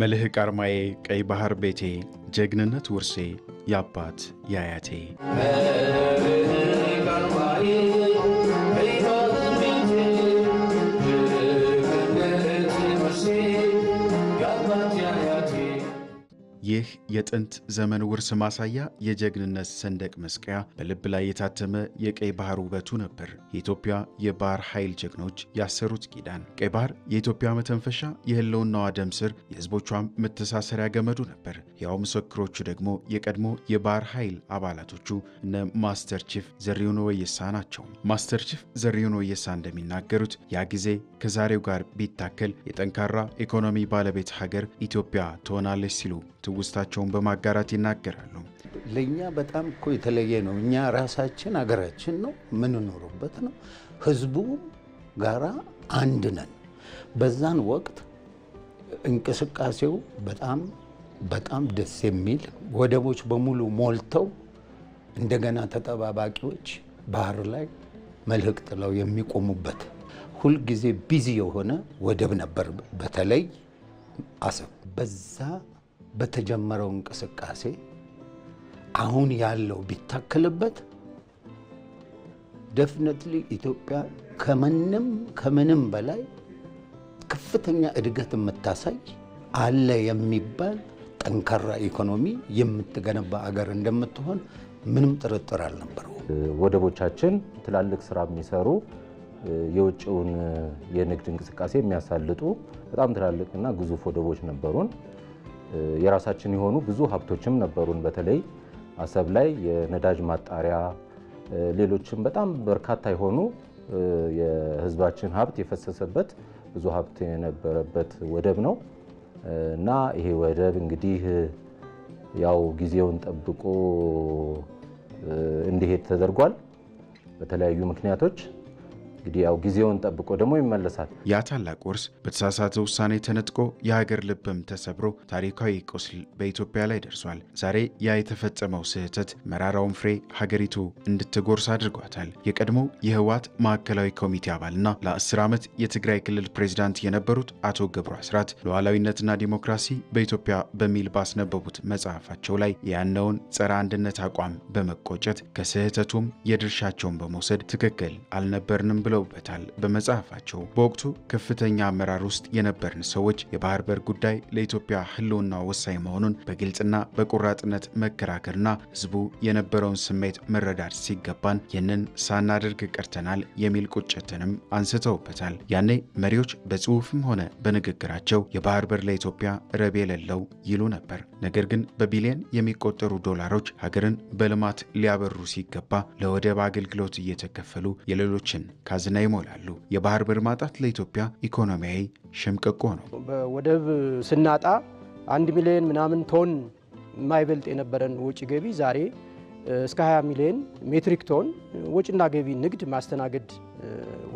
መልህቅ አርማዬ፣ ቀይ ባህር ቤቴ፣ ጀግንነት ውርሴ፣ የአባት የአያቴ የጥንት ዘመን ውርስ ማሳያ የጀግንነት ሰንደቅ መስቀያ በልብ ላይ የታተመ የቀይ ባህር ውበቱ ነበር። የኢትዮጵያ የባህር ኃይል ጀግኖች ያሰሩት ኪዳን። ቀይ ባህር የኢትዮጵያ መተንፈሻ፣ የህልውናዋ ደም ስር፣ የህዝቦቿም መተሳሰሪያ ገመዱ ነበር። ያው ምስክሮቹ ደግሞ የቀድሞ የባህር ኃይል አባላቶቹ እነ ማስተር ቺፍ ዘሪሁን ወየሳ ናቸው። ማስተር ቺፍ ዘሪሁን ወየሳ እንደሚናገሩት ያ ጊዜ ከዛሬው ጋር ቢታከል የጠንካራ ኢኮኖሚ ባለቤት ሀገር ኢትዮጵያ ትሆናለች ሲሉ ትውስታቸውን በማጋራት ይናገራሉ። ለእኛ በጣም እኮ የተለየ ነው። እኛ ራሳችን አገራችን ነው የምንኖርበት ነው። ህዝቡ ጋራ አንድ ነን። በዛን ወቅት እንቅስቃሴው በጣም በጣም ደስ የሚል ወደቦች በሙሉ ሞልተው እንደገና ተጠባባቂዎች ባህር ላይ መልህቅ ጥለው የሚቆሙበት ሁልጊዜ ቢዚ የሆነ ወደብ ነበር፣ በተለይ አሰብ። በዛ በተጀመረው እንቅስቃሴ አሁን ያለው ቢታከልበት ደፍነትሊ ኢትዮጵያ ከምንም ከምንም በላይ ከፍተኛ እድገት የምታሳይ አለ የሚባል ጠንካራ ኢኮኖሚ የምትገነባ አገር እንደምትሆን ምንም ጥርጥር አልነበረው። ወደቦቻችን ትላልቅ ስራ የሚሰሩ የውጭውን የንግድ እንቅስቃሴ የሚያሳልጡ በጣም ትላልቅና ግዙፍ ወደቦች ነበሩን። የራሳችን የሆኑ ብዙ ሀብቶችም ነበሩን። በተለይ አሰብ ላይ የነዳጅ ማጣሪያ፣ ሌሎችም በጣም በርካታ የሆኑ የህዝባችን ሀብት የፈሰሰበት ብዙ ሀብት የነበረበት ወደብ ነው እና ይሄ ወደብ እንግዲህ ያው ጊዜውን ጠብቆ እንዲሄድ ተደርጓል በተለያዩ ምክንያቶች እንግዲህ ያው ጊዜውን ጠብቆ ደግሞ ይመለሳል። ያ ታላቅ ውርስ በተሳሳተ ውሳኔ ተነጥቆ የሀገር ልብም ተሰብሮ ታሪካዊ ቁስል በኢትዮጵያ ላይ ደርሷል። ዛሬ ያ የተፈጸመው ስህተት መራራውን ፍሬ ሀገሪቱ እንድትጎርስ አድርጓታል። የቀድሞ የህወሓት ማዕከላዊ ኮሚቴ አባልና ለአስር ዓመት የትግራይ ክልል ፕሬዚዳንት የነበሩት አቶ ገብሩ አስራት ሉዓላዊነትና ዲሞክራሲ በኢትዮጵያ በሚል ባስነበቡት መጽሐፋቸው ላይ ያነውን ጸረ አንድነት አቋም በመቆጨት ከስህተቱም የድርሻቸውን በመውሰድ ትክክል አልነበርንም ብሎ ብለውበታል በመጽሐፋቸው። በወቅቱ ከፍተኛ አመራር ውስጥ የነበርን ሰዎች የባህር በር ጉዳይ ለኢትዮጵያ ሕልውና ወሳኝ መሆኑን በግልጽና በቆራጥነት መከራከርና ሕዝቡ የነበረውን ስሜት መረዳት ሲገባን ይህንን ሳናደርግ ቀርተናል የሚል ቁጭትንም አንስተውበታል። ያኔ መሪዎች በጽሑፍም ሆነ በንግግራቸው የባህር በር ለኢትዮጵያ ረብ የሌለው ይሉ ነበር። ነገር ግን በቢሊየን የሚቆጠሩ ዶላሮች ሀገርን በልማት ሊያበሩ ሲገባ ለወደብ አገልግሎት እየተከፈሉ የሌሎችን ካዝ ካዝና ይሞላሉ። የባህር በር ማጣት ለኢትዮጵያ ኢኮኖሚያዊ ሸምቀቆ ነው። ወደብ ስናጣ አንድ ሚሊዮን ምናምን ቶን የማይበልጥ የነበረን ወጪ ገቢ ዛሬ እስከ 20 ሚሊዮን ሜትሪክ ቶን ወጪና ገቢ ንግድ ማስተናገድ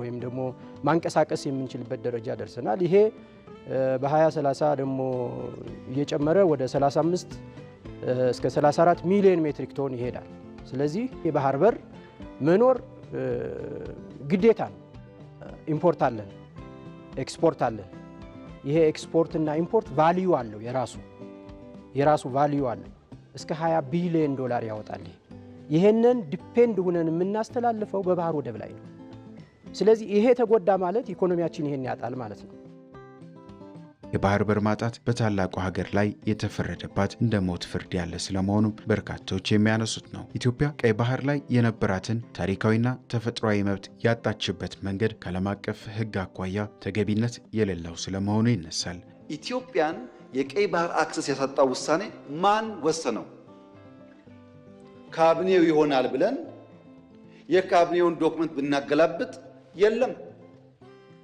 ወይም ደግሞ ማንቀሳቀስ የምንችልበት ደረጃ ደርሰናል። ይሄ በ2030 ደግሞ እየጨመረ ወደ 35 እስከ 34 ሚሊዮን ሜትሪክ ቶን ይሄዳል። ስለዚህ የባህር በር መኖር ግዴታ ነው። ኢምፖርት አለን፣ ኤክስፖርት አለን። ይሄ ኤክስፖርት እና ኢምፖርት ቫልዩ አለው የራሱ የራሱ ቫልዩ አለው። እስከ 20 ቢሊዮን ዶላር ያወጣል። ይሄንን ዲፔንድ ሁነን የምናስተላልፈው በባህር ወደብ ላይ ነው። ስለዚህ ይሄ ተጎዳ ማለት ኢኮኖሚያችን ይሄን ያጣል ማለት ነው። የባህር በር ማጣት በታላቁ ሀገር ላይ የተፈረደባት እንደ ሞት ፍርድ ያለ ስለመሆኑም በርካቶች የሚያነሱት ነው። ኢትዮጵያ ቀይ ባህር ላይ የነበራትን ታሪካዊና ተፈጥሯዊ መብት ያጣችበት መንገድ ከዓለም አቀፍ ሕግ አኳያ ተገቢነት የሌለው ስለመሆኑ ይነሳል። ኢትዮጵያን የቀይ ባህር አክሰስ ያሳጣው ውሳኔ ማን ወሰነው? ካቢኔው ይሆናል ብለን የካቢኔውን ዶክመንት ብናገላብጥ የለም፣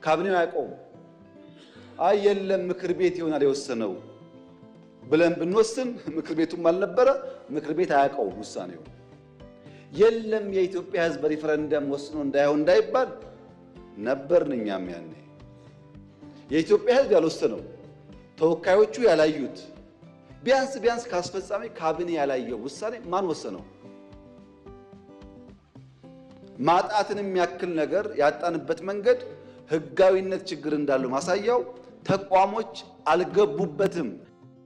ካቢኔው አያውቀውም። አይ የለም ምክር ቤት ይሆናል የወሰነው ብለን ብንወስን ምክር ቤቱም አልነበረ፣ ምክር ቤት አያውቀውም ውሳኔው። የለም የኢትዮጵያ ሕዝብ በሪፈረንደም ወስኖ እንዳይሆን እንዳይባል ነበርን እኛም ያኔ። የኢትዮጵያ ሕዝብ ያልወሰነው ተወካዮቹ ያላዩት ቢያንስ ቢያንስ ከአስፈጻሚ ካቢኔ ያላየው ውሳኔ ማን ወሰነው? ማጣትንም ያክል ነገር ያጣንበት መንገድ ህጋዊነት ችግር እንዳለው ማሳያው ተቋሞች አልገቡበትም።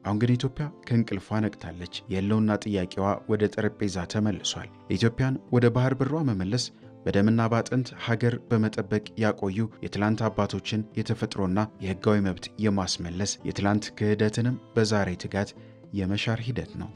አሁን ግን ኢትዮጵያ ከእንቅልፏ ነቅታለች። የለውና ጥያቄዋ ወደ ጠረጴዛ ተመልሷል። ኢትዮጵያን ወደ ባህር ብሯ መመለስ በደምና በአጥንት ሀገር በመጠበቅ ያቆዩ የትላንት አባቶችን የተፈጥሮና የሕጋዊ መብት የማስመለስ የትላንት ክህደትንም በዛሬ ትጋት የመሻር ሂደት ነው።